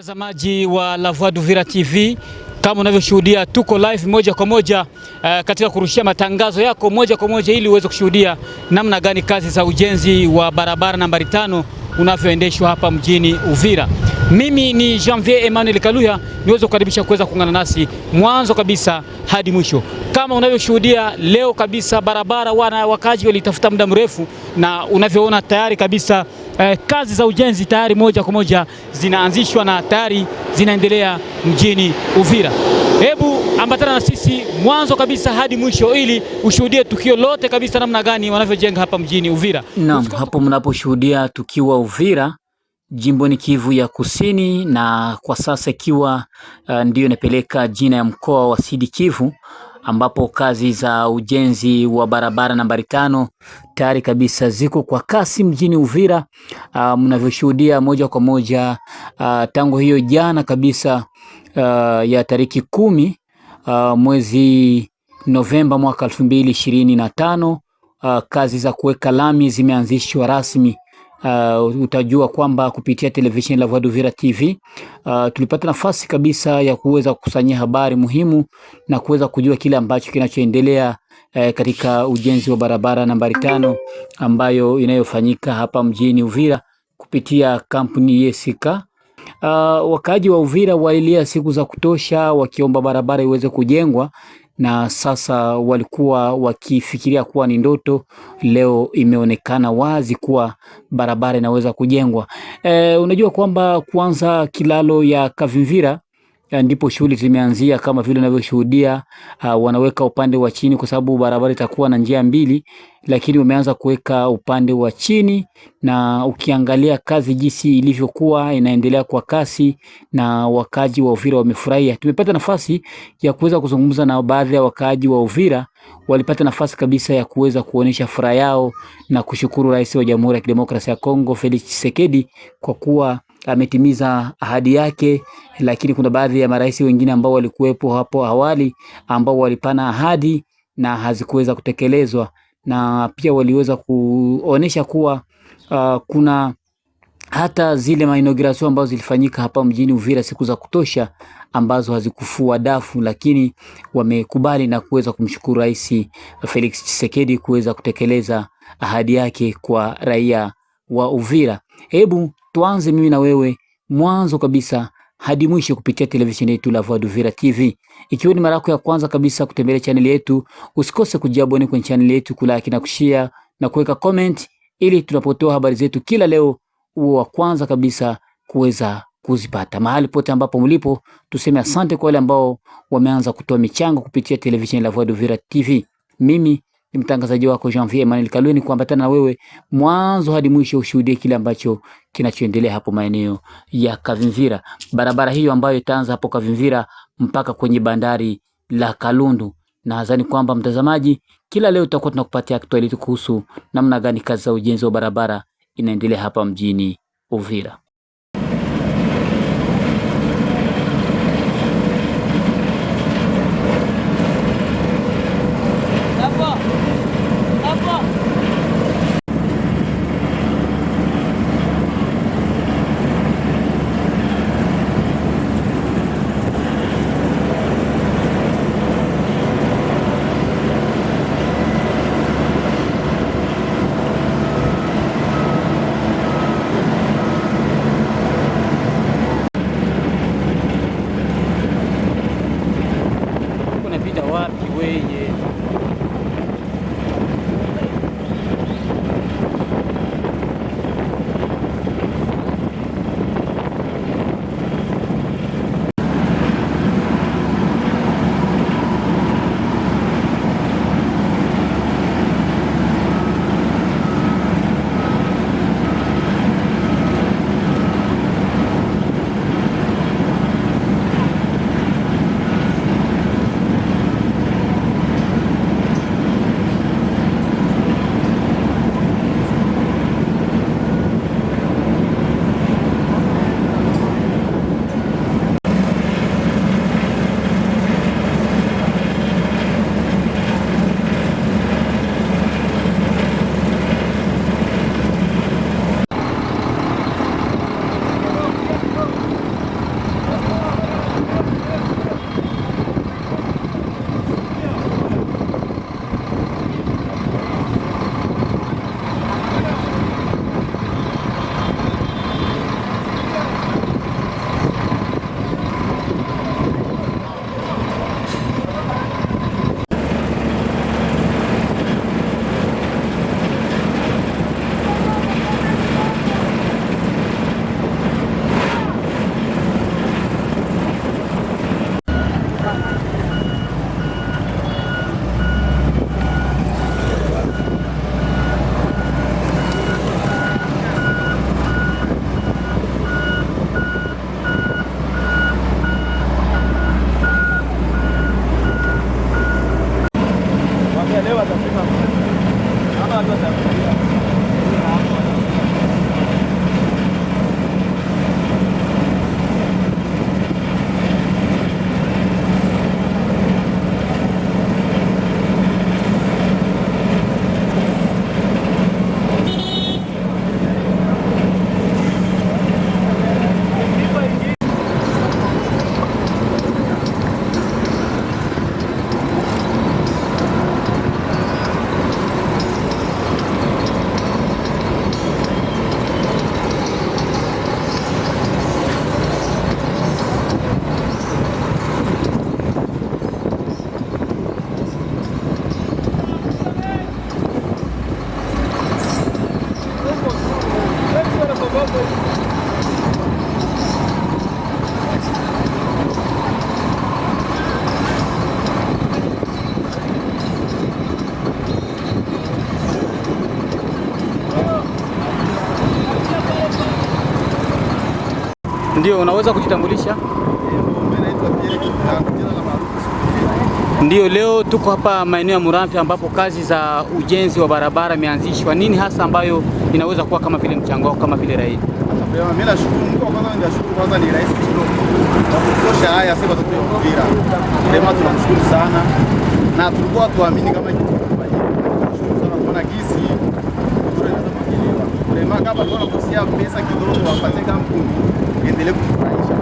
Mtazamaji wa La Voix d'Uvira TV, kama unavyoshuhudia tuko live moja kwa moja uh, katika kurushia matangazo yako moja kwa moja ili uweze kushuhudia namna gani kazi za ujenzi wa barabara nambari tano unavyoendeshwa hapa mjini Uvira. Mimi ni Janvier Emmanuel Kaluya, niweze kukaribisha kuweza kuungana nasi mwanzo kabisa hadi mwisho. Kama unavyoshuhudia leo kabisa, barabara wana wakaji walitafuta muda mrefu, na unavyoona tayari kabisa eh, kazi za ujenzi tayari moja kwa moja zinaanzishwa na tayari zinaendelea mjini Uvira. Hebu ambatana na sisi mwanzo kabisa hadi mwisho ili ushuhudie tukio lote kabisa, namna gani wanavyojenga hapa mjini Uvira. Naam, hapo mnaposhuhudia tukiwa Uvira jimboni Kivu ya Kusini, na kwa sasa ikiwa uh, eh, ndiyo inapeleka jina ya mkoa wa Sidi Kivu ambapo kazi za ujenzi wa barabara nambari tano tayari kabisa ziko kwa kasi mjini Uvira. Uh, mnavyoshuhudia moja kwa moja uh, tangu hiyo jana kabisa uh, ya tariki kumi uh, mwezi Novemba mwaka elfu mbili ishirini na tano uh, kazi za kuweka lami zimeanzishwa rasmi uh, utajua kwamba kupitia televisheni la Voix d'Uvira TV uh, tulipata nafasi kabisa ya kuweza kukusanyia habari muhimu na kuweza kujua kile ambacho kinachoendelea uh, katika ujenzi wa barabara nambari tano ambayo inayofanyika hapa mjini Uvira kupitia kampuni Yesika. Uh, wakaaji wa Uvira walilia siku za kutosha wakiomba barabara iweze kujengwa na sasa walikuwa wakifikiria kuwa ni ndoto, leo imeonekana wazi kuwa barabara inaweza kujengwa. E, unajua kwamba kwanza kilalo ya Kavimvira ndipo shughuli zimeanzia kama vile unavyoshuhudia. Uh, wanaweka upande wa chini kwa sababu barabara itakuwa na njia mbili, lakini wameanza kuweka upande wa chini, na ukiangalia kazi jinsi ilivyokuwa inaendelea kwa kasi, na wakaji wa Uvira wamefurahia. Tumepata nafasi ya kuweza kuzungumza na baadhi ya wakaji wa Uvira, walipata nafasi kabisa ya kuweza kuonyesha furaha yao na kushukuru Rais wa Jamhuri ya Kidemokrasia ya Kongo Felix Tshisekedi kwa kuwa ametimiza ahadi yake, lakini kuna baadhi ya marais wengine ambao walikuwepo hapo awali ambao walipana ahadi na hazikuweza kutekelezwa, na pia waliweza kuonesha kuwa uh, kuna hata zile mainogirasio ambazo zilifanyika hapa mjini Uvira siku za kutosha ambazo hazikufua dafu, lakini wamekubali na kuweza kumshukuru Rais Felix Tshisekedi kuweza kutekeleza ahadi yake kwa raia wa Uvira. Hebu tuanze mimi na wewe mwanzo kabisa hadi mwisho kupitia televisheni yetu La Voix d'Uvira TV. Ikiwa ni mara yako ya kwanza kabisa kutembelea chaneli yetu, usikose kujiabone kwenye chaneli yetu, kulike na kushare na kuweka comment, ili tunapotoa habari zetu kila leo uwe wa kwanza kabisa kuweza kuzipata mahali pote ambapo mlipo. Tuseme asante kwa wale ambao wameanza kutoa michango kupitia televisheni La Voix d'Uvira TV. Mimi ni mtangazaji wako Janvier Emmanuel Kalwe, ni kuambatana na wewe mwanzo hadi mwisho, ushuhudie kile ambacho kinachoendelea hapo maeneo ya Kavimvira, barabara hiyo ambayo itaanza hapo Kavimvira mpaka kwenye bandari la Kalundu. Nadhani kwamba mtazamaji, kila leo tutakuwa tunakupatia aktualiti kuhusu namna gani kazi za ujenzi wa barabara inaendelea hapa mjini Uvira. Україні. Ama zaten. Ama zaten. Ndio, unaweza kujitambulisha? Ndio, leo tuko hapa maeneo ya Muramvya ambapo kazi za ujenzi wa barabara imeanzishwa. Nini hasa ambayo inaweza kuwa kama vile mchango wako kama vile rais? Mimi nashukuru kwanza, kwanza ni rais haya sasa Uvira. Lema tunamshukuru sana. Na tulikuwa tuamini kama Tunashukuru sana kwa Lema kama pesa kidogo wapate kampuni kufurahisha.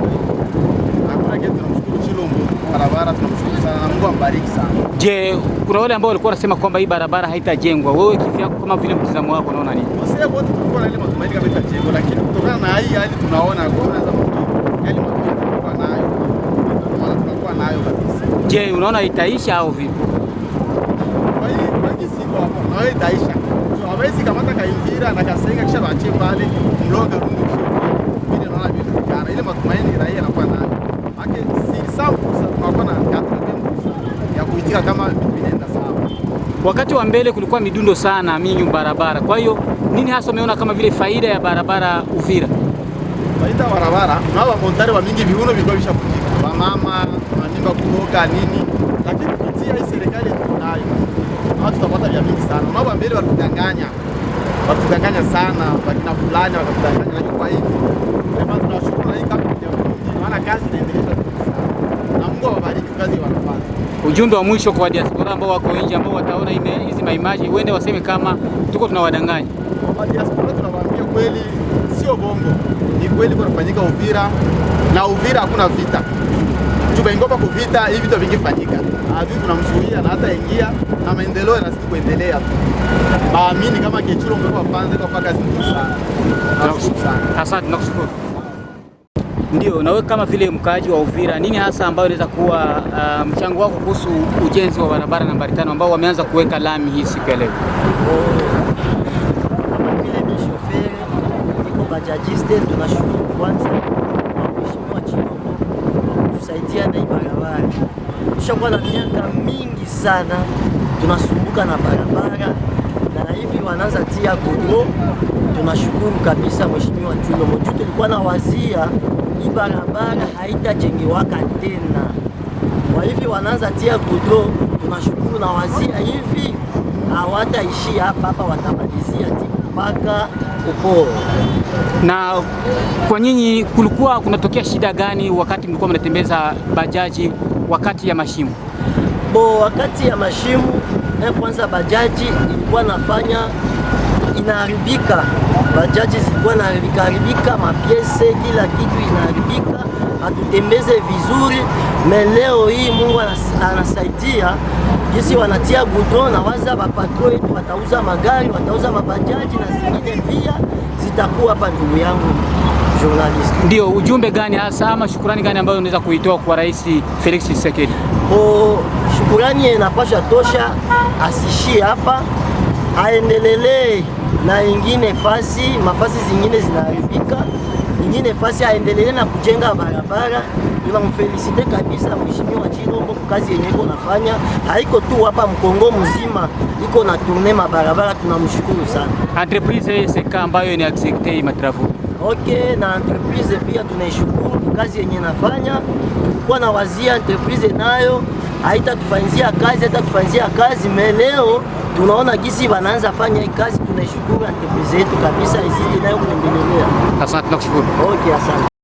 Hakuna kitu, tunamshukuru Chilombo barabara, tunamshukuru sana na Mungu ambariki sana. Je, kuna wale ambao walikuwa wanasema kwamba hii barabara haitajengwa, wewe kifyako kama vile mtazamo wako unaona nini? Wote tulikuwa na ile matumaini kama itajengwa, lakini kutokana na hii hali tunaona yaani tunakuwa nayo kabisa. Je, unaona itaisha au vipi? Itaisha hawezi kamata kaingira na kasenga kisha bache pale mloga Wakati wa mbele kulikuwa midundo sana minyu barabara. Kwa hiyo nini hasa umeona kama vile faida ya barabara Uvira? Faida ya barabara, na wa wakontari wa mingi viuno vilikuwa vishafunika. vishafungika, wamama wanimba kuoka nini, lakini kupitia hii serikali tunayo hao tutapata vya mingi sana. Na wa mbele walikudanganya, walikudanganya sana, wakina fulani wakakudanganya, lakini kwa hivyo tunashukuru na hii kampuni, maana kazi inaendelea na Mungu awabariki kazi wanafanya. Ujumbe wa mwisho kwa diaspora ambao wako nje ambao wataona hizi maimaji uende waseme kama tuko tunawadanganya. Kwa diaspora tunawaambia kweli sio bongo. Ni kweli kunafanyika Uvira na Uvira hakuna vita. Tukaingopa kuvita hivi vitu vingifanyika. Hivi tunamzuia na hata ingia na maendeleo yanazidi kuendelea maamini kama Kichuro mpaka wapanze kwa kazi nzuri sana. Asante, nakushukuru. Ndio, na wewe kama vile mkaaji wa Uvira, nini hasa ambayo inaweza kuwa uh, mchango wako kuhusu ujenzi wa barabara nambari tano ambao wameanza kuweka lami hii siku ya leo? Kama vile ni shoferi niko bajajiste, tunashukuru kwanza Mheshimiwa kwa kutusaidia na barabara. Tushakuwa na miaka mingi sana tunasumbuka na barabara na hivi wanaanza tia gogo, tunashukuru kabisa Mheshimiwa Chilombo juu tulikuwa na wazia hii barabara haitajengewaka tena. Kwa hivi wanaanza tia kudo, tunashukuru na wazia hivi hawataishi hapa hapa, watamalizia mpaka Uporo. Na kwa nyinyi kulikuwa kunatokea shida gani wakati mlikuwa mnatembeza bajaji wakati ya mashimo? Bo, wakati ya mashimo, eh, kwanza bajaji ilikuwa nafanya inaharibika bajaji zilikuwa naharibika haribika, mapiese kila kitu inaharibika, hatutembeze vizuri. Me leo hii Mungu anasaidia kisi wanatia gudo na waza bapatro yetu watauza magari, watauza mabajaji na zingine pia zitakuwa hapa. Ndugu yangu journalist, ndio ujumbe gani hasa ama shukurani gani ambayo unaweza kuitoa kwa Rais Felix Tshisekedi? O, shukurani inapasha tosha, asishie hapa, aendelelee na ingine fasi mafasi zingine zinaharibika, ingine fasi aendelee na kujenga barabara. mfelisite kabisa mheshimiwa Chilombo kwa kazi yenye iko nafanya, haiko tu hapa Mkongo mzima, iko na tourne mabarabara. Tunamshukuru sana entreprise SK ambayo ni accepte matravo Okay, na entreprise pia tunaishukuru kwa kazi yenye nafanya. Tulikuwa na wazia entreprise nayo haitatufanyizia kazi, haitatufanyizia kazi meleo tunaona jinsi wanaanza fanya hii kazi, tunashukuru entreprise yetu kabisa, izidi nayo kuendelea. Asante, nakushukuru. Okay, asante.